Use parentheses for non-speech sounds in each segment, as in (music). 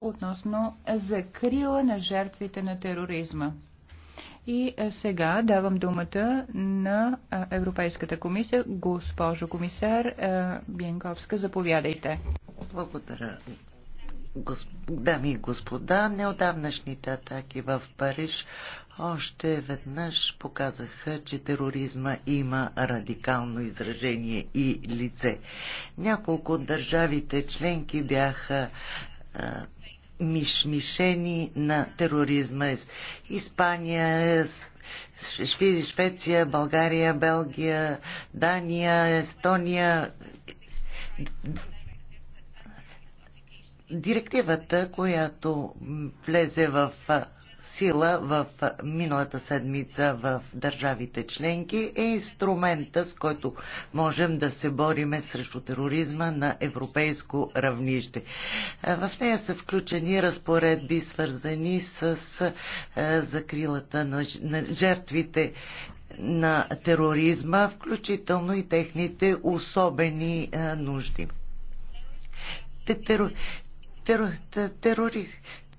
относно закрила на жертвите на тероризма. И е, сега давам думата на е, Европейската комисия. Госпожо комисар е, Бенковска, заповядайте. Благодаря. Дами и господа, неодавнашните атаки в Париж още веднъж показаха, че тероризма има радикално изражение и лице. Няколко от държавите членки бяха миш, мишени на тероризма. Испания, Швеция, България, Белгия, Дания, Естония. Директивата, която влезе в сила в миналата седмица в държавите членки е инструмента, с който можем да се бориме срещу тероризма на европейско равнище. В нея са включени разпоредби, свързани с закрилата на жертвите на тероризма, включително и техните особени нужди. Терор, терор, терор,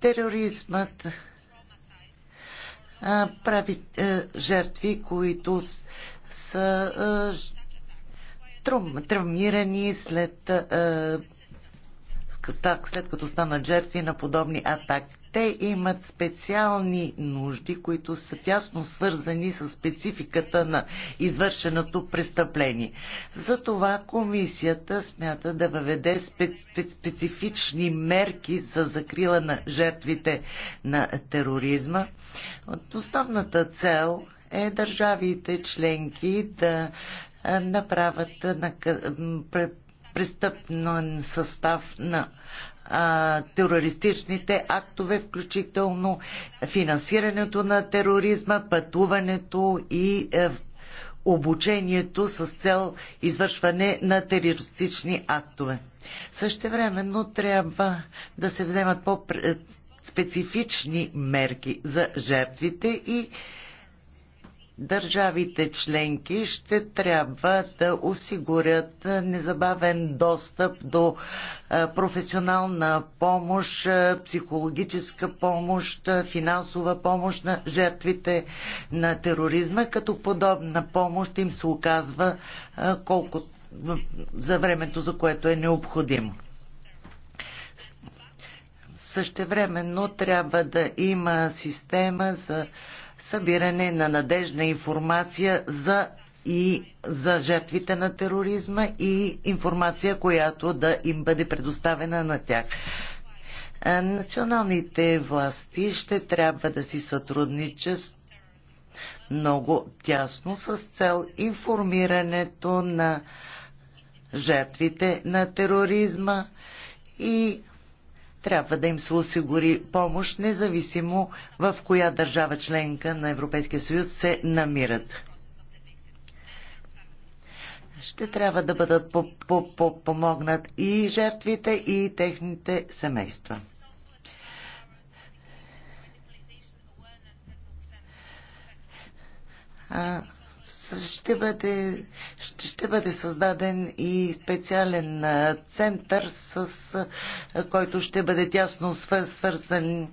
тероризмът прави жертви, които са травмирани след след като станат жертви на подобни атаки те имат специални нужди, които са тясно свързани с спецификата на извършеното престъпление. Затова комисията смята да въведе специфични мерки за закрила на жертвите на тероризма. Основната цел е държавите членки да направят престъпен състав на терористичните актове, включително финансирането на тероризма, пътуването и е, обучението с цел извършване на терористични актове. Същевременно трябва да се вземат по-специфични мерки за жертвите и държавите членки ще трябва да осигурят незабавен достъп до е, професионална помощ, е, психологическа помощ, е, финансова помощ на жертвите на тероризма, като подобна помощ им се оказва колко за времето, за което е необходимо. Същевременно трябва да има система за събиране на надежна информация за и за жертвите на тероризма и информация, която да им бъде предоставена на тях. Националните власти ще трябва да си сътрудничат много тясно с цел информирането на жертвите на тероризма и трябва да им се осигури помощ, независимо в коя държава членка на Европейския съюз се намират. Ще трябва да бъдат по -по -по помогнат и жертвите, и техните семейства. А, ще бъде, ще, ще бъде създаден и специален център, с който ще бъде тясно свързан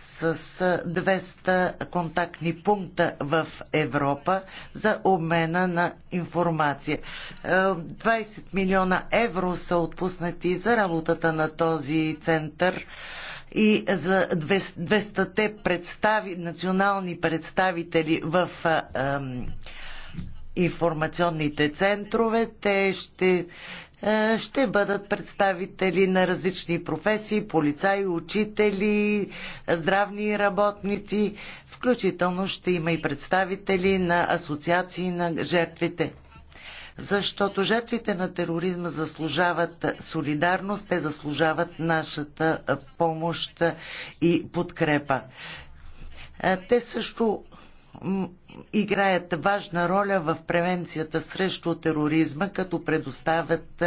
с 200 контактни пункта в Европа за обмена на информация. 20 милиона евро са отпуснати за работата на този център и за 200-те представи, национални представители в а, а, информационните центрове. Те ще, а, ще бъдат представители на различни професии, полицаи, учители, здравни работници. Включително ще има и представители на асоциации на жертвите защото жертвите на тероризма заслужават солидарност, те заслужават нашата помощ и подкрепа. Те също играят важна роля в превенцията срещу тероризма, като предоставят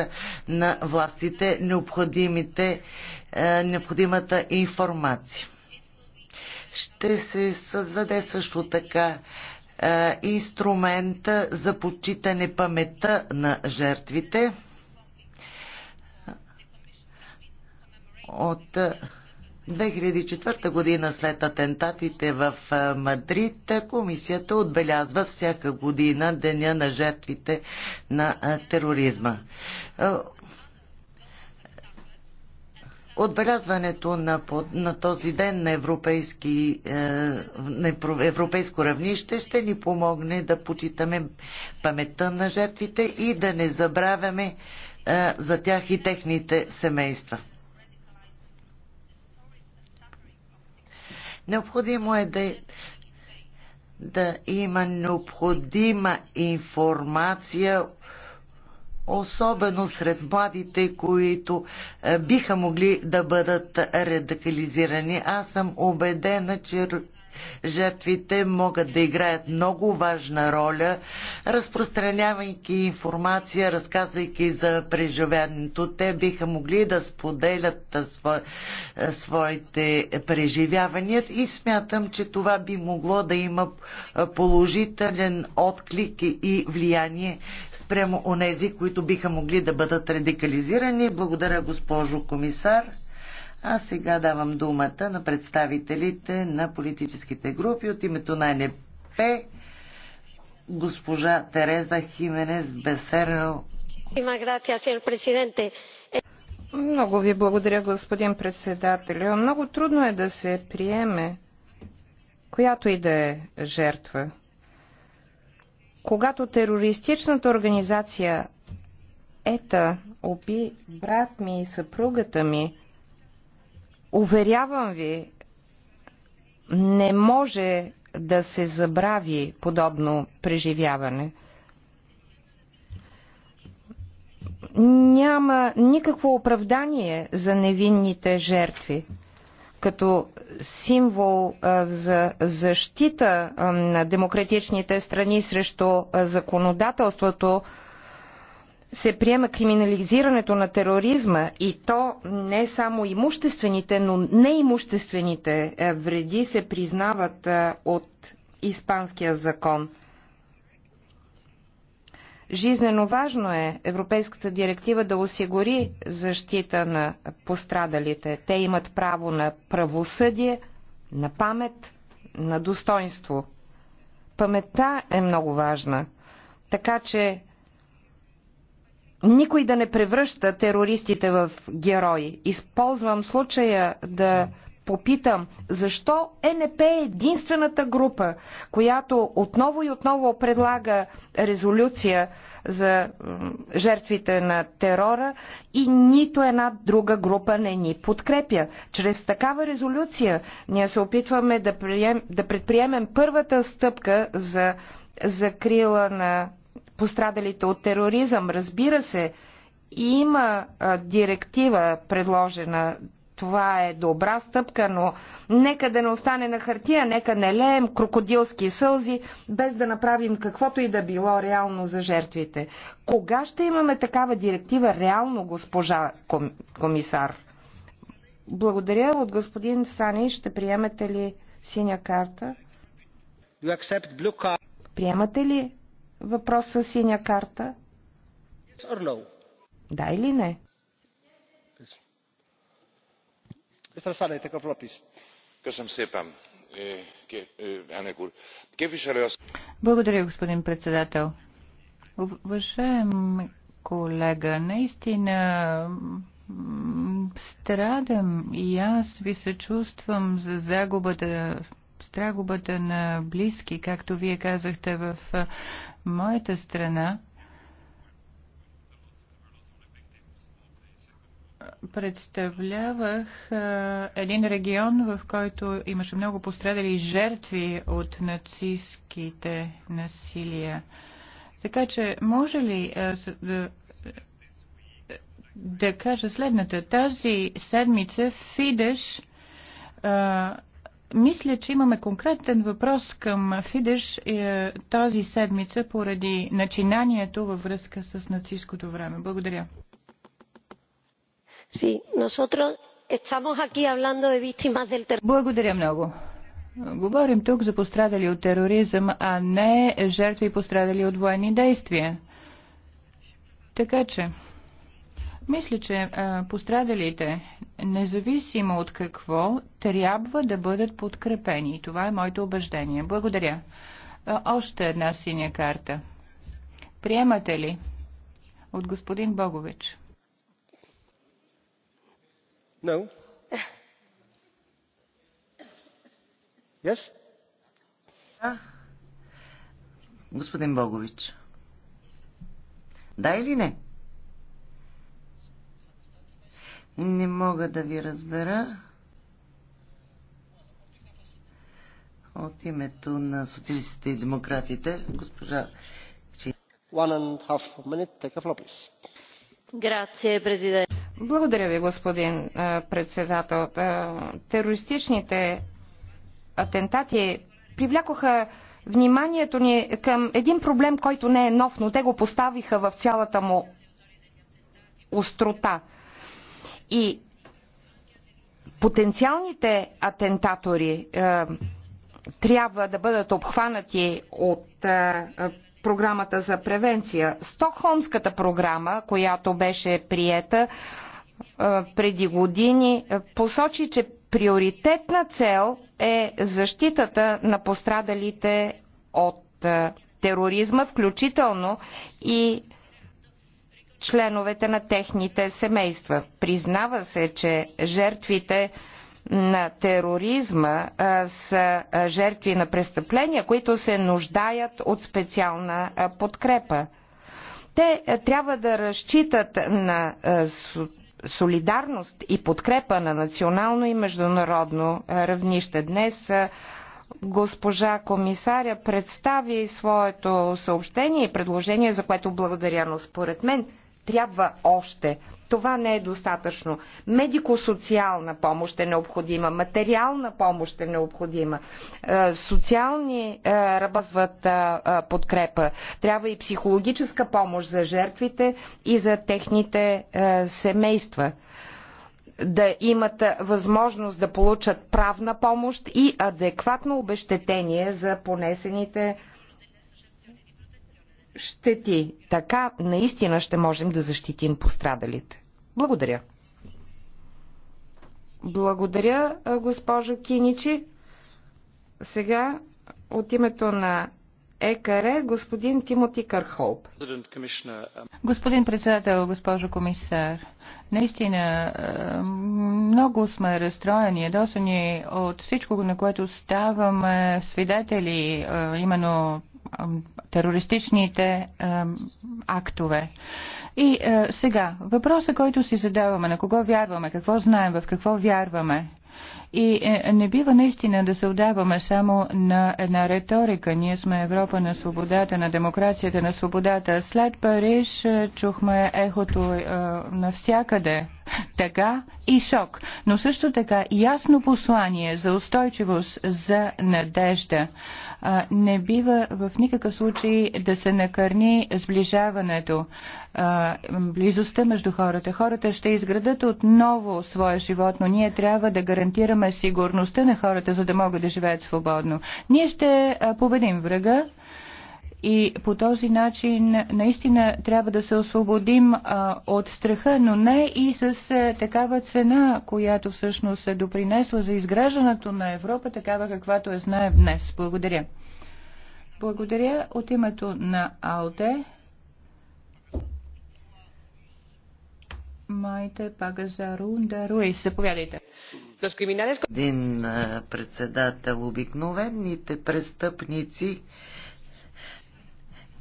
на властите необходимите, необходимата информация. Ще се създаде също така е, инструмент за почитане паметта на жертвите от 2004 е, година след атентатите в е, Мадрид комисията отбелязва всяка година Деня на жертвите на тероризма. Отбелязването на, на този ден на, европейски, е, на европейско равнище ще ни помогне да почитаме паметта на жертвите и да не забравяме е, за тях и техните семейства. Необходимо е да, да има необходима информация особено сред младите, които е, биха могли да бъдат радикализирани. Аз съм убедена, че Жертвите могат да играят много важна роля, разпространявайки информация, разказвайки за преживяването. Те биха могли да споделят сво... своите преживявания и смятам, че това би могло да има положителен отклик и влияние спрямо онези, които биха могли да бъдат радикализирани. Благодаря, госпожо комисар. А сега давам думата на представителите на политическите групи от името на НП госпожа Тереза Хименес Бесерел. Много ви благодаря, господин председател. Много трудно е да се приеме, която и да е жертва. Когато терористичната организация ета уби брат ми и съпругата ми, Уверявам ви, не може да се забрави подобно преживяване. Няма никакво оправдание за невинните жертви. Като символ за защита на демократичните страни срещу законодателството, се приема криминализирането на тероризма и то не само имуществените, но неимуществените е, вреди се признават е, от испанския закон. Жизнено важно е Европейската директива да осигури защита на пострадалите. Те имат право на правосъдие, на памет, на достоинство. Паметта е много важна, така че никой да не превръща терористите в герои. Използвам случая да попитам, защо НП е единствената група, която отново и отново предлага резолюция за жертвите на терора и нито една друга група не ни подкрепя. Чрез такава резолюция ние се опитваме да, прием, да предприемем първата стъпка за закрила на пострадалите от тероризъм. Разбира се, има директива предложена. Това е добра стъпка, но нека да не остане на хартия, нека не леем крокодилски сълзи, без да направим каквото и да било реално за жертвите. Кога ще имаме такава директива реално, госпожа комисар? Благодаря от господин Сани. Ще приемете ли синя карта? Приемате ли въпрос с синя карта? Yes no? Да или не? Е, е, Благодаря, господин председател. Уважаем колега, наистина страдам и аз ви се чувствам за загубата страгубата на близки, както вие казахте в моята страна, представлявах един регион, в който имаше много пострадали жертви от нацистските насилия. Така че, може ли да, кажа следната? Тази седмица Фидеш мисля, че имаме конкретен въпрос към Фидеш е, тази седмица поради начинанието във връзка с нацистското време. Благодаря. Sí, aquí de del Благодаря много. Говорим тук за пострадали от тероризъм, а не жертви пострадали от военни действия. Така че мисля, че а, пострадалите, независимо от какво, трябва да бъдат подкрепени. Това е моето убеждение. Благодаря. Още една синя карта. Приемате ли? От господин Богович. No. Yes? Да. господин Богович. Да или не? Не мога да ви разбера. От името на социалистите и демократите, госпожа Minute, Благодаря ви, господин председател. Терористичните атентати привлякоха вниманието ни към един проблем, който не е нов, но те го поставиха в цялата му острота – и потенциалните атентатори е, трябва да бъдат обхванати от е, програмата за превенция. Стокхолмската програма, която беше приета е, преди години, е, посочи, че приоритетна цел е защитата на пострадалите от е, тероризма, включително и членовете на техните семейства. Признава се, че жертвите на тероризма а, са жертви на престъпления, които се нуждаят от специална а, подкрепа. Те а, трябва да разчитат на солидарност и подкрепа на национално и международно равнище. Днес госпожа комисаря представи своето съобщение и предложение, за което благодаря, но според мен трябва още. Това не е достатъчно. Медико-социална помощ е необходима, материална помощ е необходима, е, социални е, ръбъзват е, подкрепа. Трябва и психологическа помощ за жертвите и за техните семейства да имат възможност да получат правна помощ и адекватно обещетение за понесените щети. Така наистина ще можем да защитим пострадалите. Благодаря. Благодаря, госпожо Киничи. Сега от името на ЕКР господин Тимоти Кархолб. Господин председател, госпожо комисар, наистина много сме разстроени, ядосани от всичко, на което ставаме свидетели, именно терористичните актове. И е, сега, въпросът, който си задаваме, на кого вярваме, какво знаем, в какво вярваме и е, не бива наистина да се отдаваме само на една риторика. Ние сме Европа на свободата, на демокрацията, на свободата. След Париж е, чухме ехото е, навсякъде (laughs) така и шок, но също така ясно послание за устойчивост, за надежда. не бива в никакъв случай да се накърни сближаването, близостта между хората. Хората ще изградат отново своя живот, но ние трябва да гарантираме гарантираме сигурността на хората, за да могат да живеят свободно. Ние ще победим врага и по този начин наистина трябва да се освободим а, от страха, но не и с а, такава цена, която всъщност е допринесла за изграждането на Европа, такава каквато е знаем днес. Благодаря. Благодаря от името на Алте. Майте Пагазарунда Руис. Заповядайте. Един председател, обикновените престъпници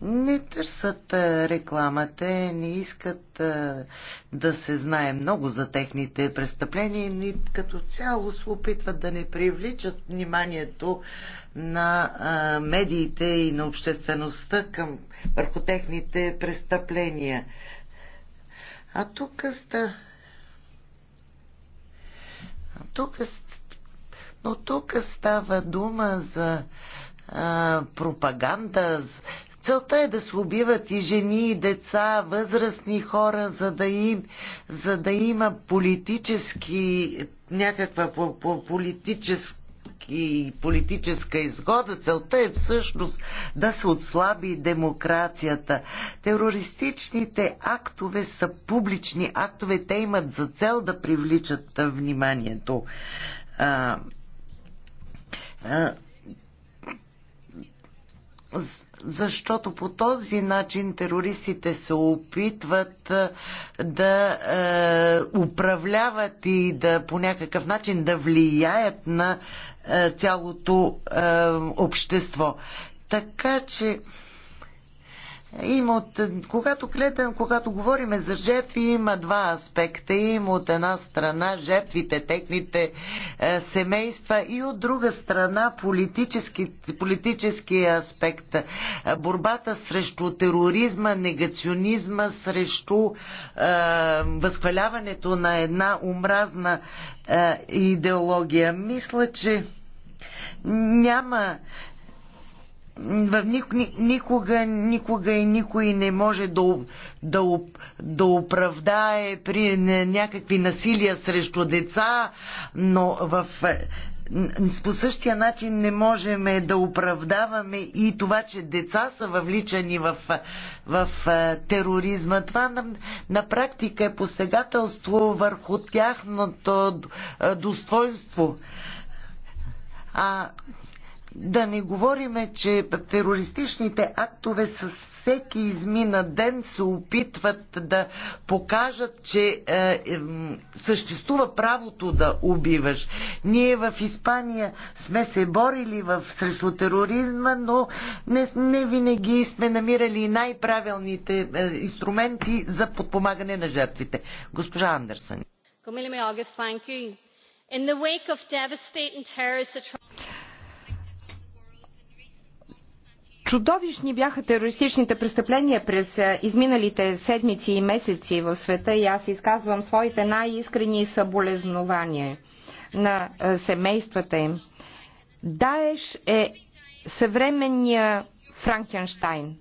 не търсят рекламата, не искат да се знае много за техните престъпления, ни като цяло се опитват да не привличат вниманието на медиите и на обществеността към върху техните престъпления. А тук ста, тук, е но тук става дума за а, пропаганда. Целта е да се убиват и жени, и деца, възрастни хора, за да, им, за да има политически някаква политическа и политическа изгода. Целта е всъщност да се отслаби демокрацията. Терористичните актове са публични актове. Те имат за цел да привличат вниманието. А, а, защото по този начин терористите се опитват да е, управляват и да по някакъв начин да влияят на е, цялото е, общество. Така че има от, когато, гледам, когато говорим за жертви, има два аспекта. Има от една страна жертвите, техните е, семейства и от друга страна политически, политически аспект. Е, борбата срещу тероризма, негационизма, срещу е, възхваляването на една омразна е, идеология. Мисля, че няма никога, никога и никой не може да, да, да оправдае при някакви насилия срещу деца, но в по същия начин не можем да оправдаваме и това, че деца са въвличани в, в тероризма. Това на, на практика е посегателство върху тяхното достоинство. А да не говориме, че терористичните актове с всеки измина ден се опитват да покажат, че е, е, съществува правото да убиваш. Ние в Испания сме се борили в, срещу тероризма, но не, не винаги сме намирали най-правилните е, инструменти за подпомагане на жертвите. Госпожа Андерсън. Чудовищни бяха терористичните престъпления през е, изминалите седмици и месеци в света и аз изказвам своите най-искрени съболезнования на е, семействата им. Даеш е съвременния Франкенштайн.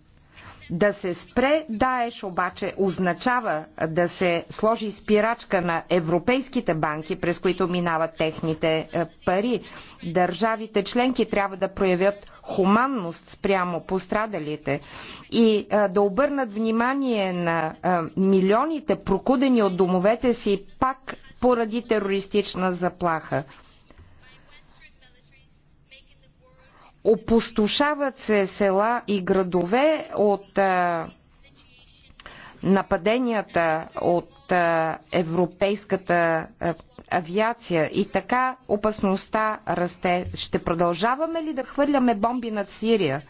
Да се спре Даеш обаче означава е, да се сложи спирачка на европейските банки, през които минават техните пари. Държавите членки трябва да проявят хуманност спрямо пострадалите и а, да обърнат внимание на а, милионите прокудени от домовете си пак поради терористична заплаха. Опустошават се села и градове от а, нападенията от европейската авиация и така опасността расте. Ще продължаваме ли да хвърляме бомби над Сирия?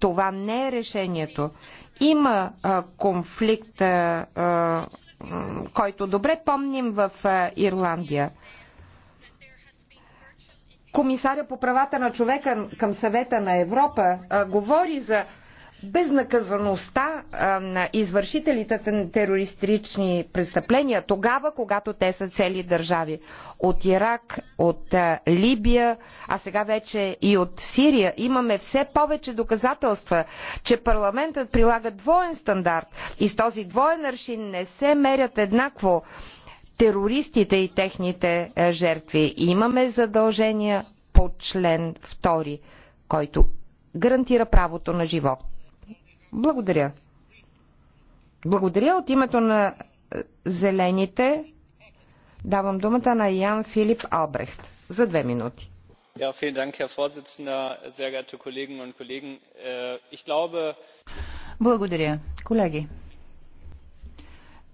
Това не е решението. Има а, конфликт, а, а, който добре помним в а, Ирландия. Комисаря по правата на човека към съвета на Европа а, говори за безнаказаността на извършителите на терористични престъпления тогава, когато те са цели държави. От Ирак, от Либия, а сега вече и от Сирия имаме все повече доказателства, че парламентът прилага двоен стандарт и с този двоен аршин не се мерят еднакво терористите и техните жертви. Имаме задължения по член 2, който гарантира правото на живот. Благодаря. Благодаря от името на е, зелените. Давам думата на Ян Филип Албрехт за две минути. Äh, Благодаря, колеги.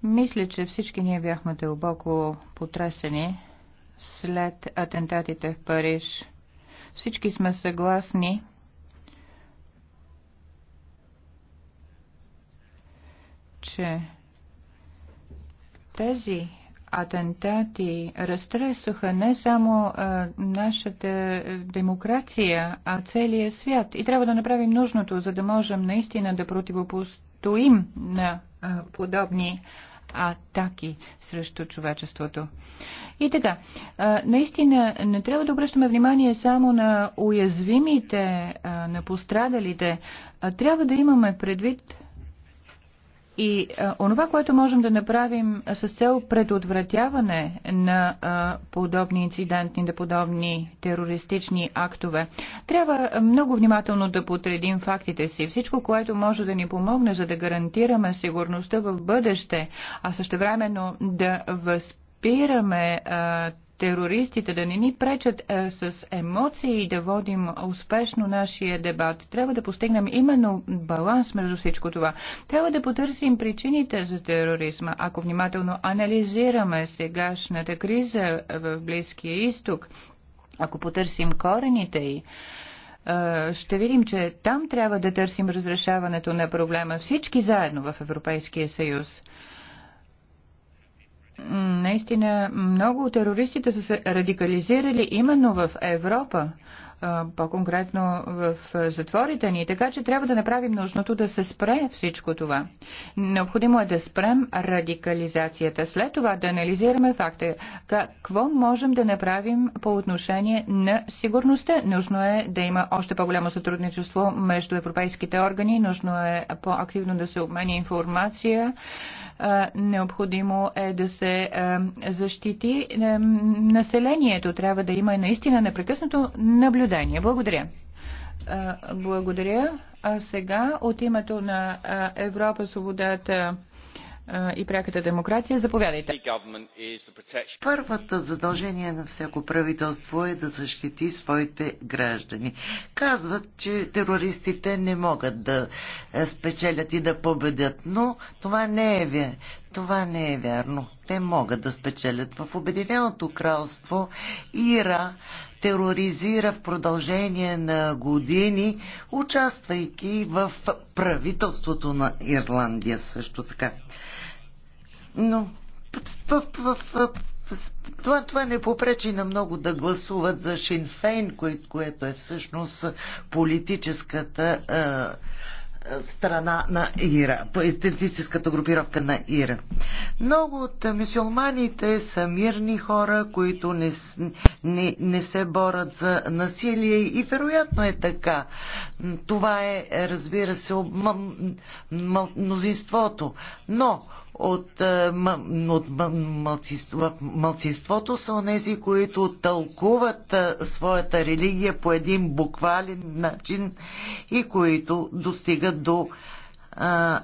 Мисля, че всички ние бяхме дълбоко потресени след атентатите в Париж. Всички сме съгласни, че тези атентати разтресоха не само а, нашата демокрация, а целия свят. И трябва да направим нужното, за да можем наистина да противопостоим на а, подобни атаки срещу човечеството. И така, наистина не трябва да обръщаме внимание само на уязвимите, на пострадалите, а трябва да имаме предвид и а, онова, което можем да направим с цел предотвратяване на а, подобни инцидентни, да подобни терористични актове, трябва много внимателно да потредим фактите си. Всичко, което може да ни помогне, за да гарантираме сигурността в бъдеще, а също времено да възпираме а, терористите, да не ни пречат е, с емоции и да водим успешно нашия дебат. Трябва да постигнем именно баланс между всичко това. Трябва да потърсим причините за тероризма. Ако внимателно анализираме сегашната криза в Близкия изток, ако потърсим корените й, е, ще видим, че там трябва да търсим разрешаването на проблема всички заедно в Европейския съюз наистина много терористите са се радикализирали именно в Европа по-конкретно в затворите ни. Така че трябва да направим нужното да се спре всичко това. Необходимо е да спрем радикализацията. След това да анализираме факта. Какво можем да направим по отношение на сигурността? Нужно е да има още по-голямо сътрудничество между европейските органи. Нужно е по-активно да се обменя информация необходимо е да се защити населението. Трябва да има наистина непрекъснато наблюдение наблюдение. Благодаря. Благодаря. А сега от името на Европа, свободата и пряката демокрация, заповядайте. Първата задължение на всяко правителство е да защити своите граждани. Казват, че терористите не могат да е, спечелят и да победят, но това не е вярно. Това не е вярно. Те могат да спечелят. В Обединеното кралство Ира тероризира в продължение на години, участвайки в правителството на Ирландия също така. Но това, това не попречи на много да гласуват за Шинфейн, кое, което е всъщност политическата е, страна на Ира, терористическата групировка на Ира. Много от мусулманите са мирни хора, които не, не, не се борят за насилие и вероятно е така. Това е, разбира се, мнозинството. Но от, е, от мълцинство, мълцинството са онези, които тълкуват е, своята религия по един буквален начин и които достигат до а, е,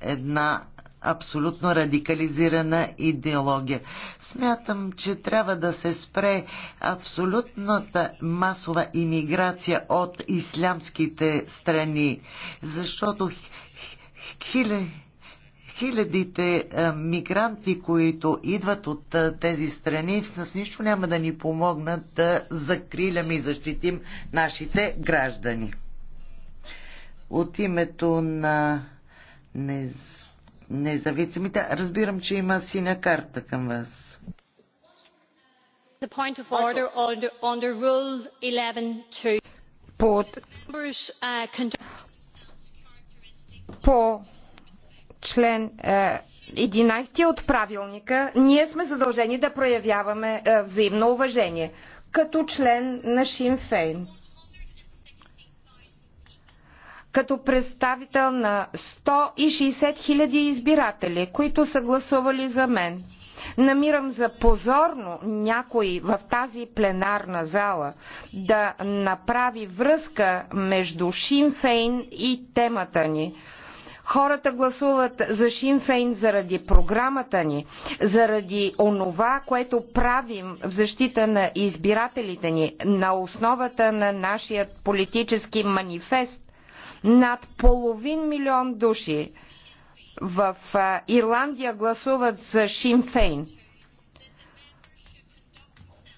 една абсолютно радикализирана идеология. Смятам, че трябва да се спре абсолютната масова иммиграция от ислямските страни, защото хиляди хилядите е, мигранти, които идват от е, тези страни, с нищо няма да ни помогнат да закриляме и защитим нашите граждани. От името на независимите, разбирам, че има синя карта към вас. По, по член 11 е, от правилника, ние сме задължени да проявяваме е, взаимно уважение като член на Шинфейн. Като представител на 160 хиляди избиратели, които са гласували за мен, намирам за позорно някой в тази пленарна зала да направи връзка между Шинфейн и темата ни – Хората гласуват за Шинфейн заради програмата ни, заради онова, което правим в защита на избирателите ни, на основата на нашия политически манифест. Над половин милион души в Ирландия гласуват за Шинфейн.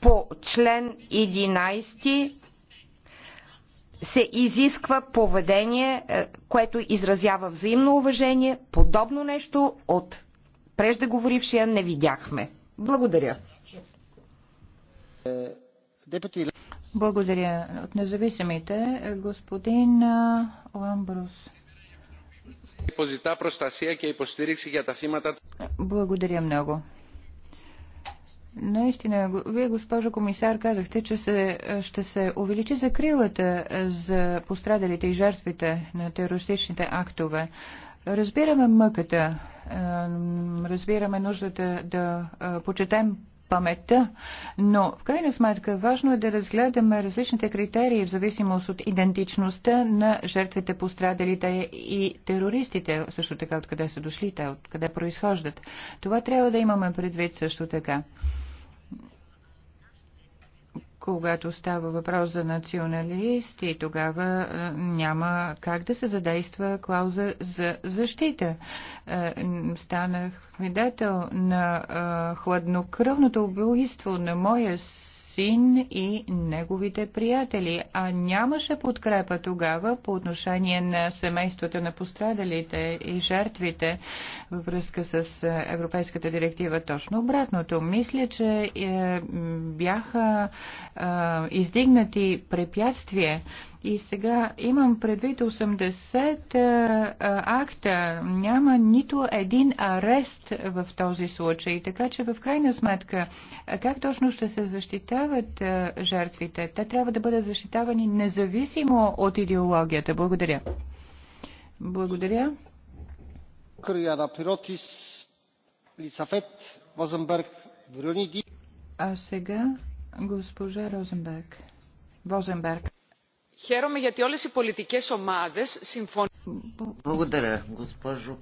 По член 11 се изисква поведение, е, което изразява взаимно уважение. Подобно нещо от преждеговорившия не видяхме. Благодаря. Благодаря. От независимите, е, господин е, Ламбрус. Благодаря много. Наистина, вие, госпожо комисар, казахте, че се, ще се увеличи закрилата за пострадалите и жертвите на терористичните актове. Разбираме мъката, разбираме нуждата да почетем паметта, но в крайна сметка важно е да разгледаме различните критерии в зависимост от идентичността на жертвите, пострадалите и терористите, също така откъде са дошли те, откъде произхождат. Това трябва да имаме предвид също така когато става въпрос за националисти, тогава няма как да се задейства клауза за защита. Станах свидетел на хладнокръвното убийство на моя син и неговите приятели, а нямаше подкрепа тогава по отношение на семействата на пострадалите и жертвите във връзка с е, Европейската директива. Точно обратното. Мисля, че е, бяха е, издигнати препятствия и сега имам предвид 80 е, е, акта. Няма нито един арест в този случай. Така че в крайна сметка, е, как точно ще се защитават жертвите? Те трябва да бъдат защитавани независимо от идеологията. Благодаря. Благодаря. А сега госпожа Розенберг. Возенберг. Χαίρομαι γιατί όλες οι πολιτικές ομάδες συμφωνούν. Благодаря, госпожо,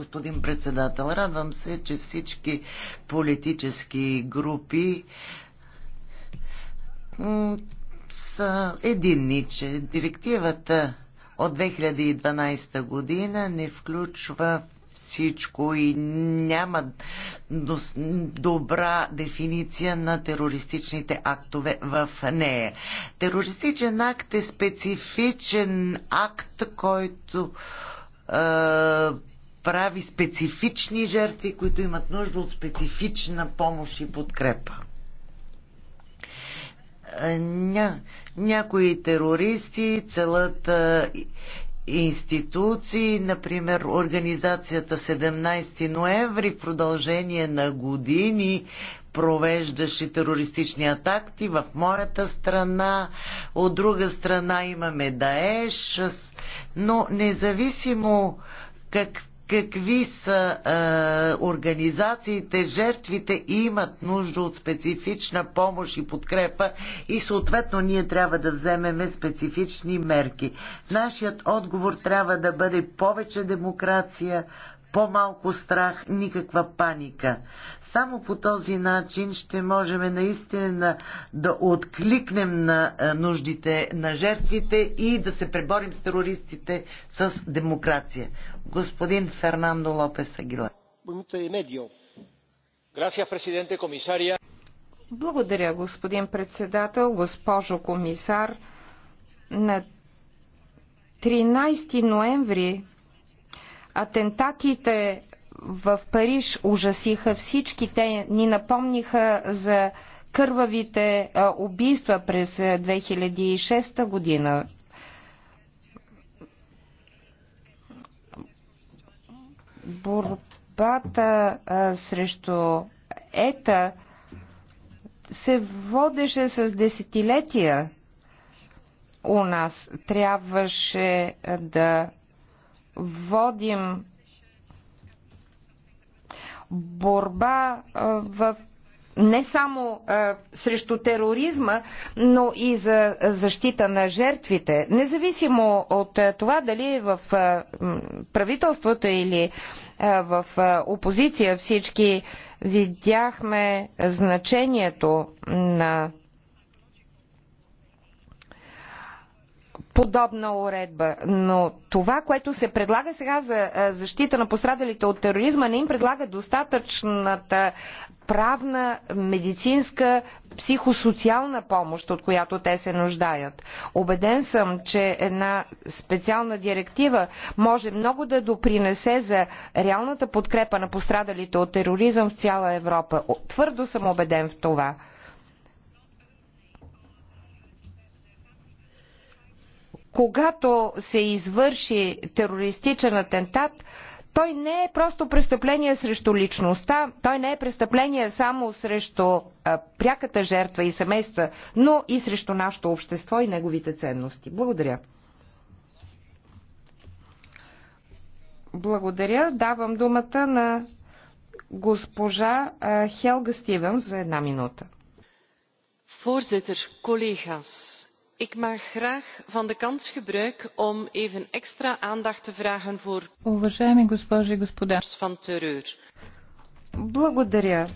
господин председател. Радвам се, че всички политически групи са единни, че директивата от 2012 година не включва всичко и няма добра дефиниция на терористичните актове в нея. Терористичен акт е специфичен акт, който е, прави специфични жертви, които имат нужда от специфична помощ и подкрепа. Ня, някои терористи целата институции, например Организацията 17 ноември в продължение на години провеждаше терористични атакти в моята страна, от друга страна имаме Даеш, но независимо как, какви са е, организациите, жертвите имат нужда от специфична помощ и подкрепа и съответно ние трябва да вземеме специфични мерки. Нашият отговор трябва да бъде повече демокрация, по-малко страх, никаква паника. Само по този начин ще можем наистина да откликнем на е, нуждите на жертвите и да се преборим с терористите с демокрация. Господин Фернандо Лопес Агила. Е Благодаря, господин председател, госпожо комисар. На 13 ноември Атентатите в Париж ужасиха всички. Те ни напомниха за кървавите убийства през 2006 година. Борбата срещу ета се водеше с десетилетия у нас. Трябваше да водим борба в не само а, срещу тероризма, но и за защита на жертвите. Независимо от а, това дали е в а, правителството или а, в а, опозиция всички видяхме значението на подобна уредба. Но това, което се предлага сега за защита на пострадалите от тероризма, не им предлага достатъчната правна, медицинска, психосоциална помощ, от която те се нуждаят. Обеден съм, че една специална директива може много да допринесе за реалната подкрепа на пострадалите от тероризъм в цяла Европа. Твърдо съм убеден в това. когато се извърши терористичен атентат, той не е просто престъпление срещу личността, той не е престъпление само срещу а, пряката жертва и семейства, но и срещу нашето общество и неговите ценности. Благодаря. Благодаря. Давам думата на госпожа а, Хелга Стивен за една минута. Voorzitter, collega's. Ik maak graag van de kans gebruik om even extra aandacht te vragen voor... slachtoffers van terreur. Благодаря.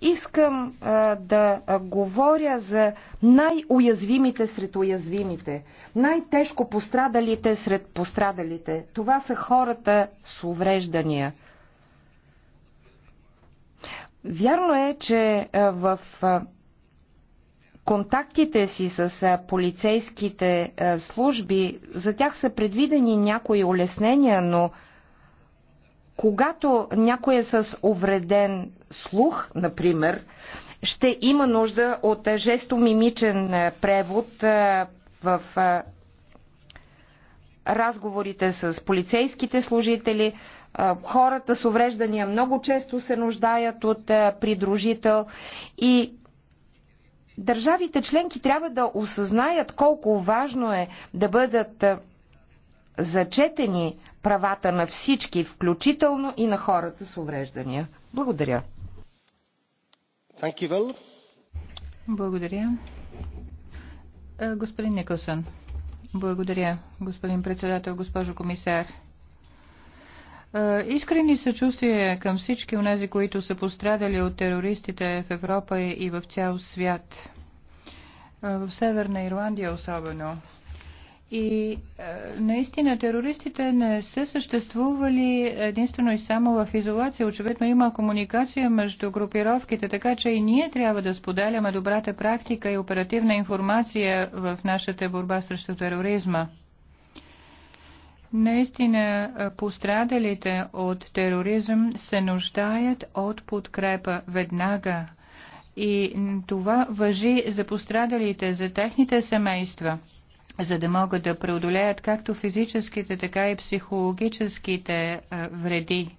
Искам а, да а, говоря за най-уязвимите сред уязвимите, най-тежко пострадалите сред пострадалите. Това са хората с увреждания. Вярно е, че а, в а, контактите си с полицейските служби, за тях са предвидени някои улеснения, но когато някой е с увреден слух, например, ще има нужда от жестомимичен превод в разговорите с полицейските служители. Хората с увреждания много често се нуждаят от придружител и Държавите членки трябва да осъзнаят колко важно е да бъдат зачетени правата на всички, включително и на хората с увреждания. Благодаря. Благодаря. Е, господин Николсън. Благодаря, господин председател, госпожо комисар. Е, искрени съчувствия към всички онези, които са пострадали от терористите в Европа и в цял свят. Е, в Северна Ирландия особено. И е, наистина терористите не са съществували единствено и само в изолация. Очевидно има комуникация между групировките, така че и ние трябва да споделяме добрата практика и оперативна информация в нашата борба срещу тероризма. Наистина е, пострадалите от тероризъм се нуждаят от подкрепа веднага. И това въжи за пострадалите, за техните семейства за да могат да преодолеят както физическите, така и психологическите е, вреди. Е,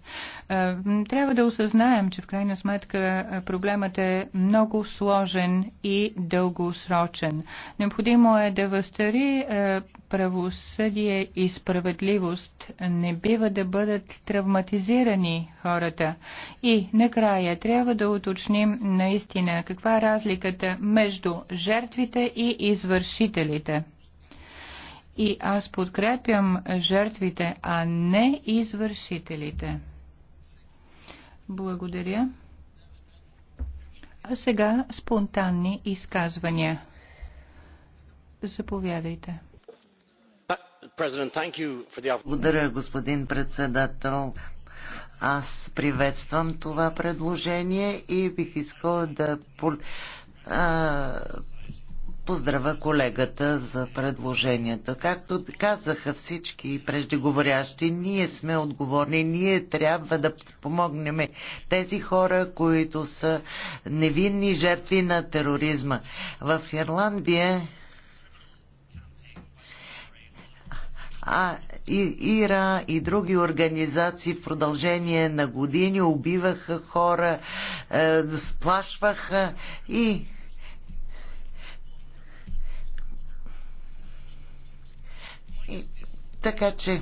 трябва да осъзнаем, че в крайна сметка е, проблемът е много сложен и дългосрочен. Необходимо е да възцари правосъдие и справедливост. Не бива да бъдат травматизирани хората. И накрая трябва да уточним наистина каква е разликата между жертвите и извършителите. И аз подкрепям жертвите, а не извършителите. Благодаря. А сега спонтанни изказвания. Заповядайте. Благодаря, господин председател. Аз приветствам това предложение и бих искала да поздравя колегата за предложенията. Както казаха всички преждеговорящи, ние сме отговорни, ние трябва да помогнем тези хора, които са невинни жертви на тероризма. В Ирландия а и, ИРА и други организации в продължение на години убиваха хора, е, сплашваха и Така че,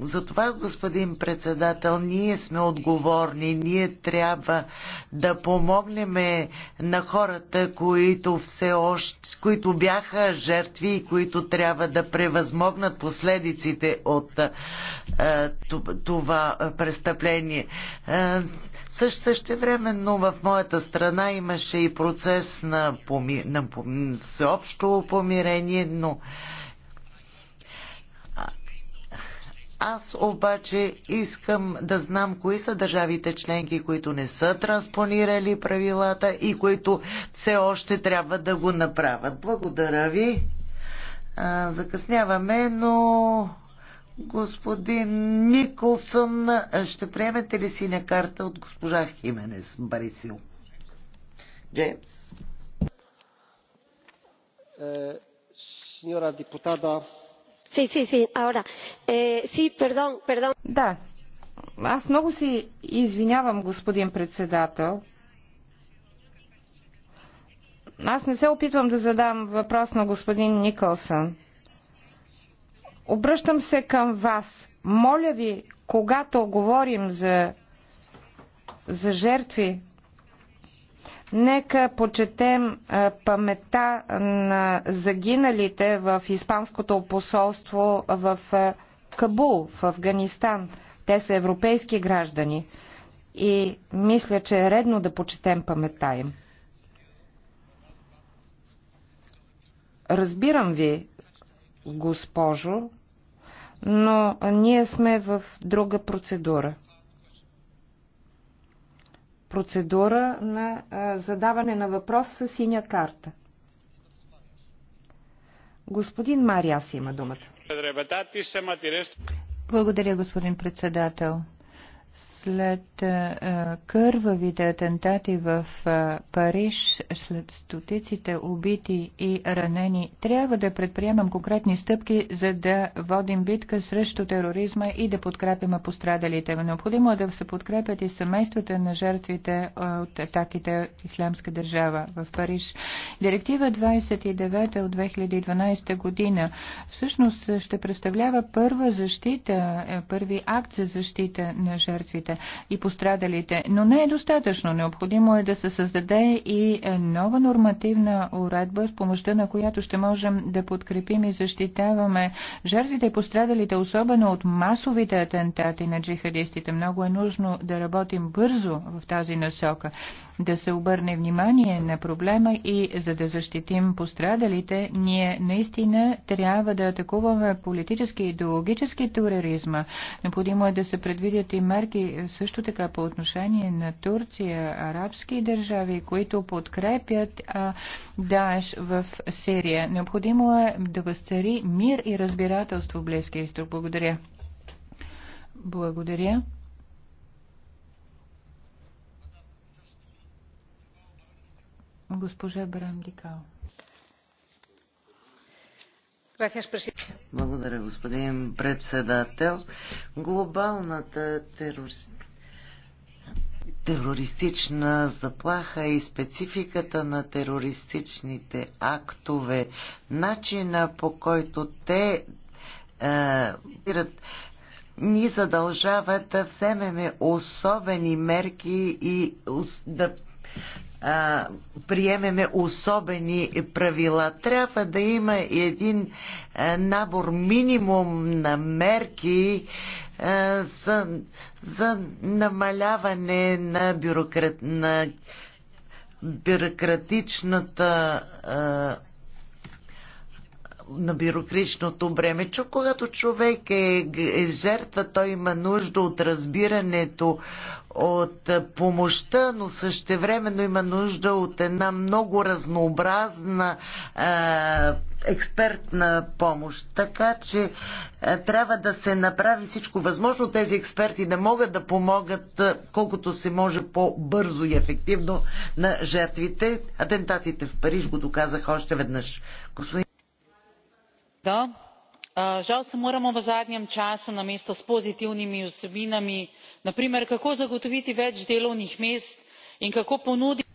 за това, господин председател, ние сме отговорни. Ние трябва да помогнем на хората, които все още, които бяха жертви и които трябва да превъзмогнат последиците от а, това престъпление. Също също но в моята страна имаше и процес на, поми... на всеобщо помирение, но а, Аз обаче искам да знам кои са държавите членки, които не са транспонирали правилата и които все още трябва да го направят. Благодаря ви. А, закъсняваме, но господин Николсън, ще приемете ли синя карта от госпожа Хименес Барисил? Джеймс. Е, сеньора депутата, Sí, sí, sí, ahora. Eh, sí, perdón, perdón. Да. Аз много се извинявам, господин председател. Аз не се опитвам да задам въпрос на господин Никълсън. Обръщам се към вас. Моля ви, когато говорим за, за жертви Нека почетем е, памета на загиналите в Испанското посолство в е, Кабул, в Афганистан. Те са европейски граждани и мисля, че е редно да почетем памета им. Разбирам ви, госпожо, но ние сме в друга процедура процедура на задаване на въпрос с синя карта. Господин Мариас има думата. Благодаря, господин председател след е, е, кървавите атентати в е, Париж, след стотиците убити и ранени, трябва да предприемам конкретни стъпки, за да водим битка срещу тероризма и да подкрепим пострадалите. Необходимо е да се подкрепят и семействата на жертвите от атаките от Исламска държава в Париж. Директива 29 от 2012 година всъщност ще представлява първа защита, първи акт за защита на жертвите и пострадалите, но не е достатъчно. Необходимо е да се създаде и е, нова нормативна уредба, с помощта на която ще можем да подкрепим и защитаваме жертвите и пострадалите, особено от масовите атентати на джихадистите. Много е нужно да работим бързо в тази насока да се обърне внимание на проблема и за да защитим пострадалите, ние наистина трябва да атакуваме политически и идеологически тероризма. Необходимо е да се предвидят и мерки също така по отношение на Турция, арабски държави, които подкрепят а, Даеш в Сирия. Необходимо е да възцари мир и разбирателство в Близкия изток. Благодаря. Благодаря. Госпожа Брамдикал. Благодаря, господин председател. Глобалната терористична заплаха и спецификата на терористичните актове, начина по който те е, ни задължават да вземеме особени мерки и да а, приемеме особени правила. Трябва да има един а, набор минимум на мерки а, за, за намаляване на, бюрократ, на бюрократичната а, на бюрократичното бреме. Чу, когато човек е, е жертва, той има нужда от разбирането, от помощта, но същевременно има нужда от една много разнообразна е, експертна помощ. Така че е, трябва да се направи всичко възможно тези експерти да могат да помогат е, колкото се може по-бързо и ефективно на жертвите. Атентатите в Париж го доказах още веднъж. Господин žal se moramo v zadnjem času namesto s pozitivnimi vsebinami na primer kako zagotoviti več delovnih mest in kako ponuditi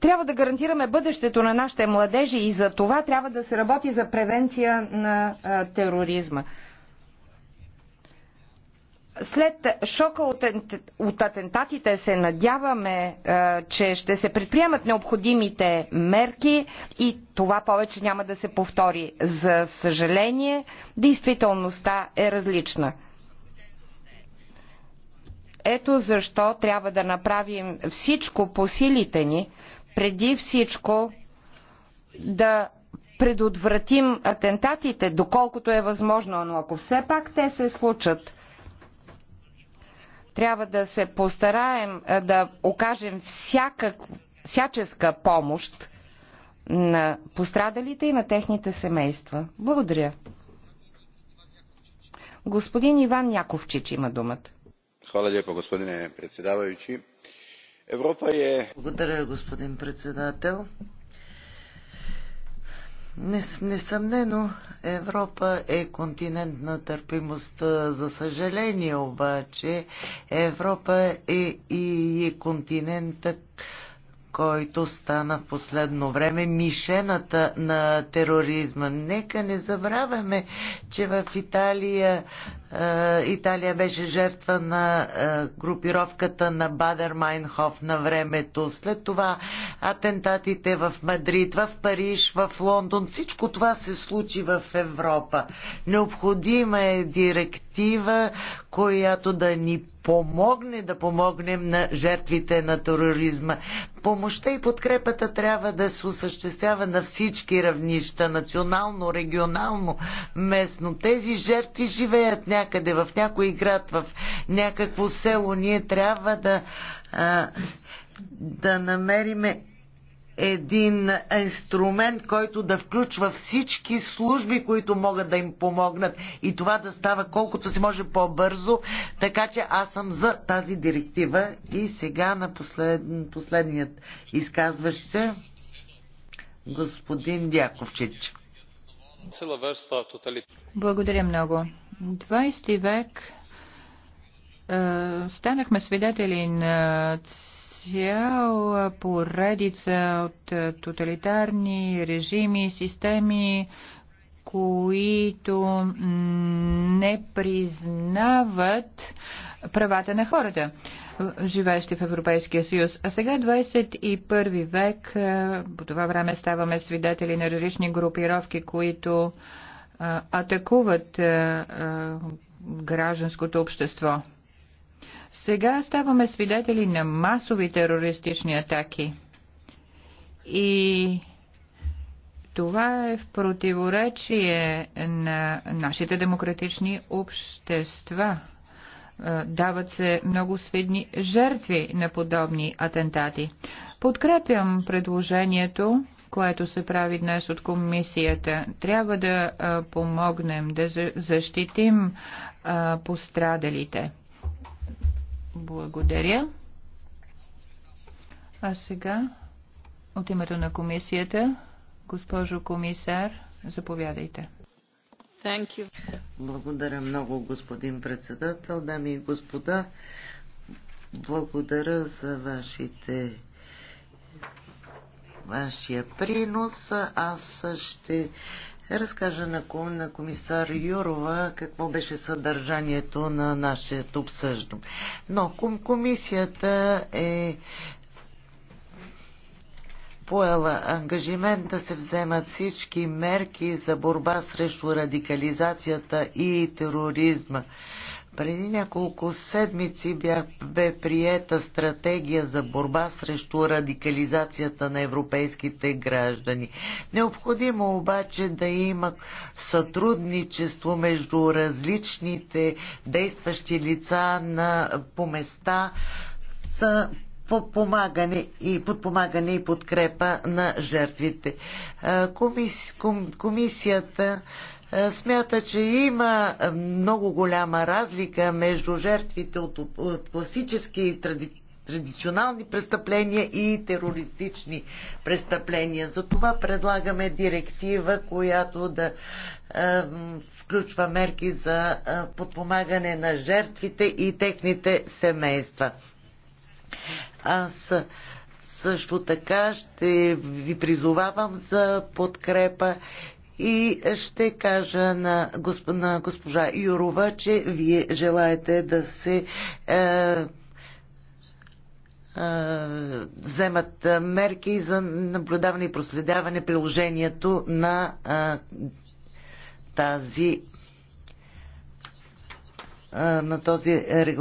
трябва да гарантираме бъдещето на нашите младежи и за това трябва да се работи за превенция на тероризма. След шока от, от атентатите се надяваме, е, че ще се предприемат необходимите мерки и това повече няма да се повтори. За съжаление, действителността е различна. Ето защо трябва да направим всичко по силите ни, преди всичко да предотвратим атентатите, доколкото е възможно, но ако все пак те се случат, трябва да се постараем е, да окажем всяка, всяческа помощ на пострадалите и на техните семейства. Благодаря. Господин Иван Яковчич има думата. Хвала лепо, господине predsjedavajući. Европа е... Благодаря, господин председател. Несъмнено Европа е континент на търпимостта. За съжаление обаче Европа е и континент, който стана в последно време мишената на тероризма. Нека не забравяме, че в Италия е, Италия беше жертва на е, групировката на Бадер Майнхоф на времето. След това атентатите в Мадрид, в Париж, в Лондон. Всичко това се случи в Европа. Необходима е директива, която да ни помогне да помогнем на жертвите на тероризма. Помощта и подкрепата трябва да се осъществява на всички равнища национално, регионално, местно. Тези жертви живеят някъде някъде, в някой град, в някакво село, ние трябва да, а, да намериме един инструмент, който да включва всички служби, които могат да им помогнат и това да става колкото се може по-бързо. Така че аз съм за тази директива и сега на послед... последният изказващ се господин Дяковчич. Благодаря много. 20 век е, станахме свидетели на цяла поредица от тоталитарни режими, системи, които не признават правата на хората, живеещи в Европейския съюз. А сега 21 век, е, по това време ставаме свидетели на различни групировки, които атакуват гражданското общество. Сега ставаме свидетели на масови терористични атаки. И това е в противоречие на нашите демократични общества. Дават се много свидни жертви на подобни атентати. Подкрепям предложението което се прави днес от комисията. Трябва да помогнем, да защитим пострадалите. Благодаря. А сега, от името на комисията, госпожо комисар, заповядайте. Thank you. Благодаря много, господин председател, дами и господа. Благодаря за вашите вашия принос. Аз ще разкажа на, на комисар Юрова какво беше съдържанието на нашето обсъждане. Но комисията е поела ангажимент да се вземат всички мерки за борба срещу радикализацията и тероризма преди няколко седмици бях, бе приета стратегия за борба срещу радикализацията на европейските граждани. Необходимо обаче да има сътрудничество между различните действащи лица на, по места с подпомагане и, подпомагане и подкрепа на жертвите. Комис, ком, комисията смята, че има много голяма разлика между жертвите от, от класически и тради, традиционални престъпления и терористични престъпления. Затова предлагаме директива, която да е, включва мерки за е, подпомагане на жертвите и техните семейства. Аз също така ще ви призовавам за подкрепа и ще кажа на, госп... на госпожа Юрова, че вие желаете да се е, е, вземат мерки за наблюдаване и проследяване приложението на е, тази е, на този регламент.